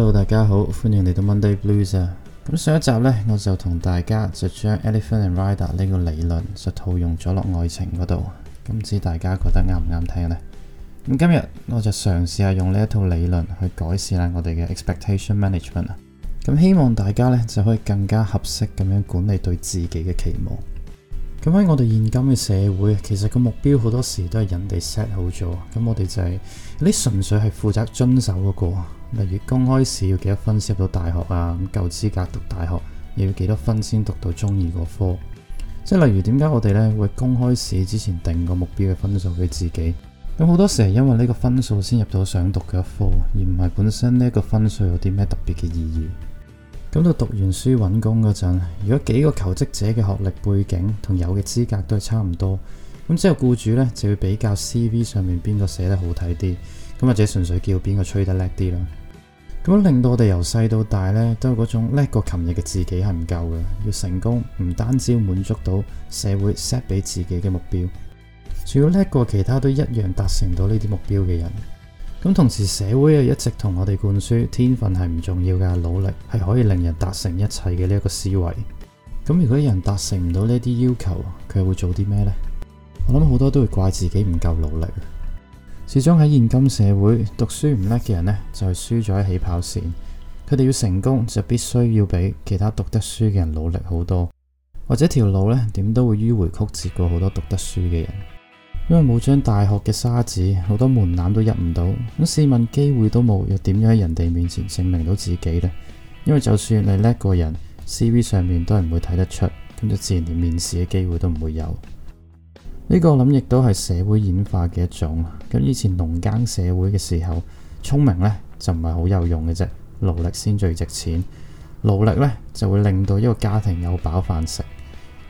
Hello，大家好，歡迎嚟到 Monday Blues 啊！咁上一集呢，我就同大家就將 Elephant and Rider 呢個理論就套用咗落愛情嗰度，咁唔知大家覺得啱唔啱聽呢？咁今日我就嘗試下用呢一套理論去改善下我哋嘅 Expectation Management 啊！咁希望大家呢就可以更加合適咁樣管理對自己嘅期望。咁喺我哋現今嘅社會，其實個目標好多時都係人哋 set 好咗，咁我哋就係、是、你純粹係負責遵守嗰個。例如公開試要幾多分先入到大學啊？咁夠資格讀大學又要幾多分先讀到中意個科？即係例如點解我哋咧會公開試之前定個目標嘅分數俾自己？咁好多時係因為呢個分數先入到想讀嘅科，而唔係本身呢個分數有啲咩特別嘅意義。咁到讀完書揾工嗰陣，如果幾個求職者嘅學歷背景同有嘅資格都係差唔多，咁之後僱主咧就會比較 CV 上面邊個寫得好睇啲，咁或者純粹叫邊個吹得叻啲啦。如果令到我哋由細到大咧，都有嗰種叻過琴日嘅自己係唔夠嘅，要成功唔單止要滿足到社會 set 俾自己嘅目標，仲要叻過其他都一樣達成到呢啲目標嘅人。咁同時社會又一直同我哋灌輸天分係唔重要嘅，努力係可以令人達成一切嘅呢一個思維。咁如果人達成唔到呢啲要求，佢會做啲咩呢？我諗好多都會怪自己唔夠努力。始終喺現今社會，讀書唔叻嘅人呢，就係輸咗喺起跑線。佢哋要成功就必須要比其他讀得書嘅人努力好多，或者條路呢點都會迂回曲折過好多讀得書嘅人，因為冇張大學嘅沙紙，好多門檻都入唔到。咁試問機會都冇，又點樣喺人哋面前證明到自己呢？因為就算你叻過人，C.V. 上面都係唔會睇得出，咁就自然連面試嘅機會都唔會有。呢個諗亦都係社會演化嘅一種。咁以前農耕社會嘅時候，聰明呢就唔係好有用嘅啫，勞力先最值錢。勞力呢就會令到一個家庭有飽飯食。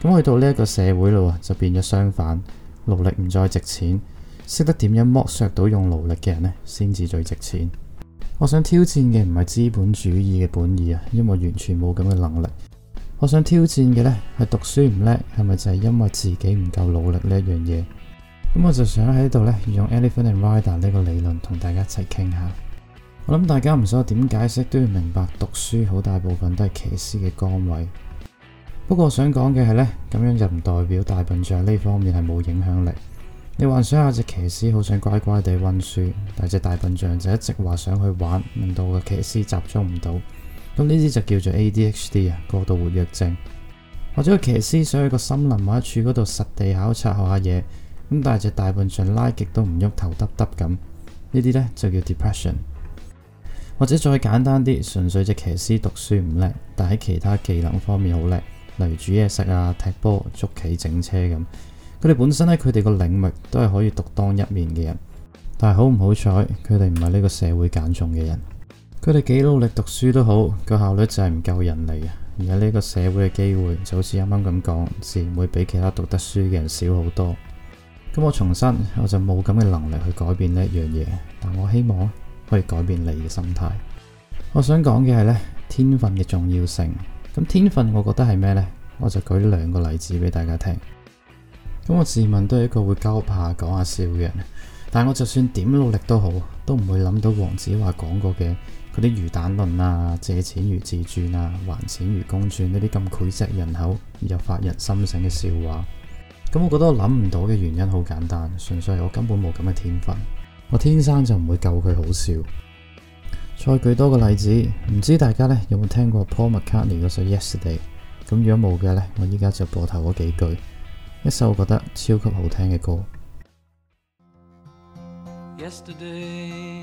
咁去到呢一個社會嘞，就變咗相反，勞力唔再值錢，識得點樣剝削到用勞力嘅人呢先至最值錢。我想挑戰嘅唔係資本主義嘅本意啊，因為完全冇咁嘅能力。我想挑戰嘅呢係讀書唔叻，係咪就係因為自己唔夠努力呢一樣嘢？咁我就想喺度咧，用 Elephant and Rider 呢個理論同大家一齊傾下。我諗大家唔使點解釋，都要明白讀書好大部分都係騎士嘅崗位。不過我想講嘅係呢，咁樣就唔代表大笨象呢方面係冇影響力。你幻想下隻騎士好想乖乖地溫書，但隻大笨象就一直話想去玩，令到個騎士集中唔到。咁呢啲就叫做 ADHD 啊，過度活躍症。或者個騎師想去個森林某一處度實地考察學下嘢，咁但係隻大笨象拉極都唔喐，頭耷耷咁。呢啲呢，就叫 depression，或者再簡單啲，純粹隻騎師讀書唔叻，但喺其他技能方面好叻，例如煮嘢食啊、踢波、捉棋、整車咁。佢哋本身咧，佢哋個領域都係可以獨當一面嘅人，但係好唔好彩，佢哋唔係呢個社會揀中嘅人。佢哋幾努力讀書都好，個效率就係唔夠人嚟啊。而家呢個社會嘅機會就好似啱啱咁講，自然會比其他讀得書嘅人少好多。咁我重申，我就冇咁嘅能力去改變呢一樣嘢，但我希望可以改變你嘅心態。我想講嘅係呢，天分嘅重要性。咁天分，我覺得係咩呢？我就舉兩個例子俾大家聽。咁我自問都係一個會交下朋友、講下笑嘅人，但係我就算點努力都好，都唔會諗到黃子華講過嘅嗰啲魚蛋論啊，借錢如自轉啊，還錢如公轉，呢啲咁膾炙人口又發人深省嘅笑話，咁我覺得我諗唔到嘅原因好簡單，純粹係我根本冇咁嘅天分，我天生就唔會救佢好笑。再舉多個例子，唔知大家呢有冇聽過 Paul McCartney 嗰首 Yesterday？咁如果冇嘅呢，我依家就播頭嗰幾句，一首我覺得超級好聽嘅歌。Yesterday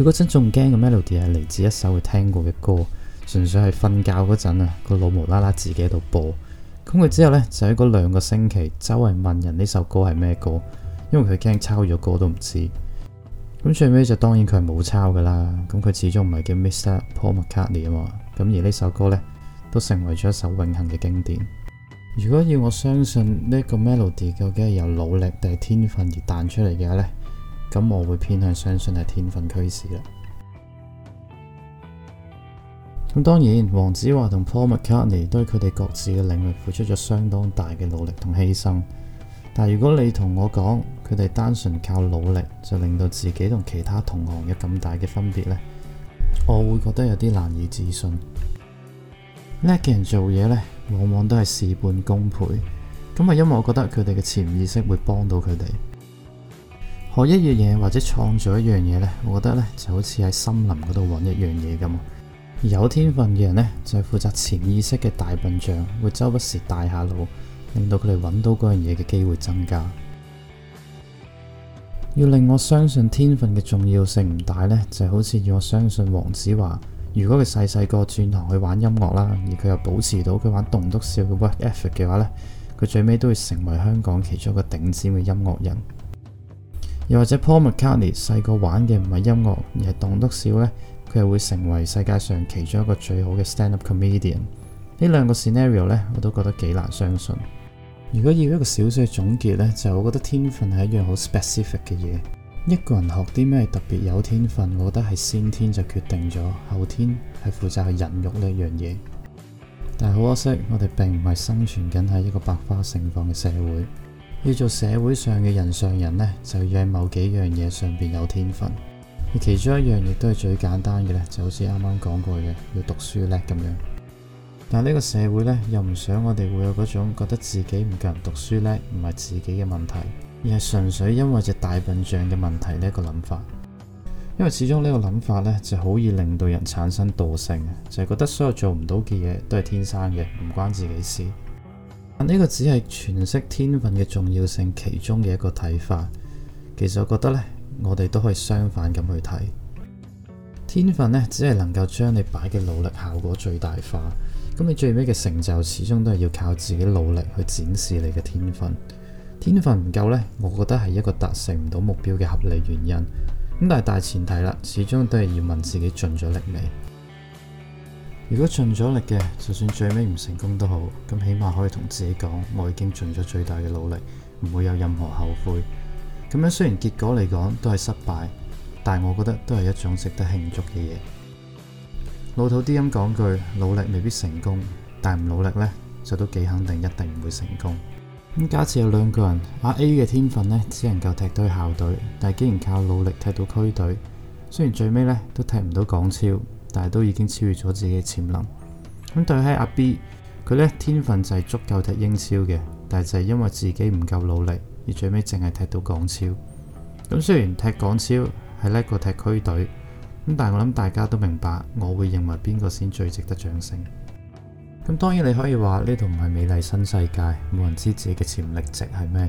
佢嗰陣仲驚個 melody 係嚟自一首佢聽過嘅歌，純粹係瞓覺嗰陣啊個腦無啦啦自己喺度播。咁佢之後呢，就喺嗰兩個星期周圍問人呢首歌係咩歌？因為佢驚抄咗歌都唔知。咁最尾就當然佢係冇抄噶啦。咁佢始終唔係叫 Mr Paul McCartney 啊嘛。咁而呢首歌呢，都成為咗一首永恆嘅經典。如果要我相信呢個 melody 究竟係由努力定係天分而彈出嚟嘅話呢？咁我會偏向相信係天分驅使啦。咁當然，黃子華同 Paul McCartney 都喺佢哋各自嘅領域付出咗相當大嘅努力同犧牲。但如果你同我講佢哋單純靠努力就令到自己同其他同行有咁大嘅分別呢，我會覺得有啲難以置信。叻嘅人做嘢呢，往往都係事半功倍。咁係因為我覺得佢哋嘅潛意識會幫到佢哋。學一樣嘢或者創造一樣嘢呢，我覺得呢就好似喺森林嗰度搵一樣嘢咁。而有天分嘅人呢，就係、是、負責潛意識嘅大笨象，會周不時帶下路，令到佢哋搵到嗰樣嘢嘅機會增加。要令我相信天分嘅重要性唔大呢，就是、好似要我相信黃子華，如果佢細細個轉行去玩音樂啦，而佢又保持到佢玩棟篤笑嘅 work effort 嘅話呢，佢最尾都會成為香港其中一個頂尖嘅音樂人。又或者 Paul McCartney 細個玩嘅唔係音樂，而係棟篤笑呢，佢又會成為世界上其中一個最好嘅 stand-up comedian。呢兩個 scenario 呢，我都覺得幾難相信。如果要一個小小嘅總結呢，就我覺得天分係一樣好 specific 嘅嘢。一個人學啲咩特別有天分，我覺得係先天就決定咗，後天係負責去孕育呢一樣嘢。但係好可惜，我哋並唔係生存緊喺一個百花盛放嘅社會。要做社會上嘅人上人呢，就要喺某幾樣嘢上邊有天分。而其中一樣亦都係最簡單嘅咧，就好似啱啱講過嘅，要讀書叻咁樣。但係呢個社會呢，又唔想我哋會有嗰種覺得自己唔夠人讀書叻，唔係自己嘅問題，而係純粹因為隻大笨象嘅問題呢一個諗法。因為始終呢個諗法呢，就好易令到人產生惰性，就係覺得所有做唔到嘅嘢都係天生嘅，唔關自己事。呢個只係詮釋天分嘅重要性其中嘅一個睇法。其實我覺得呢，我哋都可以相反咁去睇。天分呢，只係能夠將你擺嘅努力效果最大化。咁你最尾嘅成就始終都係要靠自己努力去展示你嘅天分。天分唔夠呢，我覺得係一個達成唔到目標嘅合理原因。咁但係大前提啦，始終都係要問自己盡咗力未？如果盡咗力嘅，就算最尾唔成功都好，咁起碼可以同自己講，我已經盡咗最大嘅努力，唔會有任何後悔。咁樣雖然結果嚟講都係失敗，但係我覺得都係一種值得慶祝嘅嘢。老土啲咁講句，努力未必成功，但唔努力呢，就都幾肯定一定唔會成功。咁假設有兩個人，阿 A 嘅天分呢，只能夠踢到校隊，但係竟然靠努力踢到區隊，雖然最尾呢都踢唔到港超。但係都已經超越咗自己嘅潛能。咁對喺阿 B，佢呢天分，就係足夠踢英超嘅，但係就係因為自己唔夠努力，而最尾淨係踢到港超。咁雖然踢港超係叻過踢區隊，咁但係我諗大家都明白，我會認為邊個先最值得掌聲。咁當然你可以話呢度唔係美麗新世界，冇人知自己嘅潛力值係咩。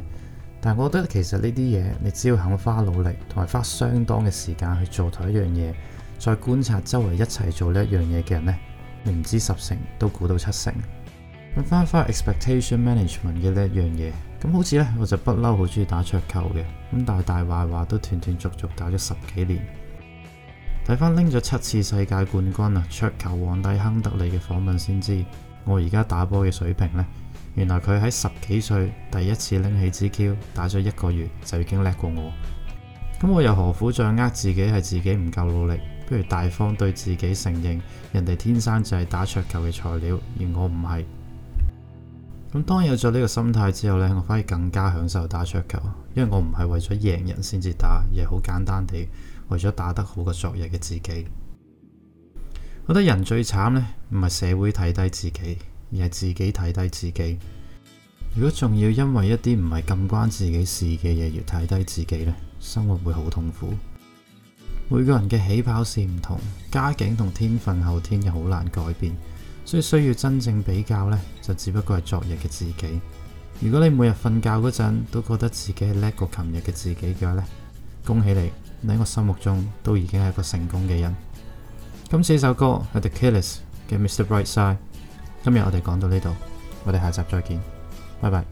但係我覺得其實呢啲嘢，你只要肯花努力，同埋花相當嘅時間去做同一樣嘢。再觀察周圍一齊做呢一樣嘢嘅人呢，唔知十成都估到七成。咁翻返 expectation management 嘅呢一樣嘢，咁好似呢，我就不嬲，好中意打桌球嘅。咁大大話話都斷斷續續打咗十幾年，睇翻拎咗七次世界冠軍啊桌球皇帝亨德利嘅訪問先知，我而家打波嘅水平呢，原來佢喺十幾歲第一次拎起支 Q，打咗一個月，就已經叻過我。咁我又何苦再呃自己係自己唔夠努力？不如大方對自己承認，人哋天生就係打桌球嘅材料，而我唔係。咁當有咗呢個心態之後呢，我反而更加享受打桌球，因為我唔係為咗贏人先至打，而係好簡單地為咗打得好過昨日嘅自己。我覺得人最慘呢，唔係社會睇低自己，而係自己睇低自己。如果仲要因為一啲唔係咁關自己事嘅嘢而睇低自己咧，生活會好痛苦。每個人嘅起跑線唔同，家境同天分後天又好難改變，所以需要真正比較呢，就只不過係昨日嘅自己。如果你每日瞓覺嗰陣都覺得自己係叻過琴日嘅自己嘅話呢，恭喜你，你喺我心目中都已經係一個成功嘅人。今次呢首歌係 The Killers 嘅 Mr Bright Side。今日我哋講到呢度，我哋下集再見，拜拜。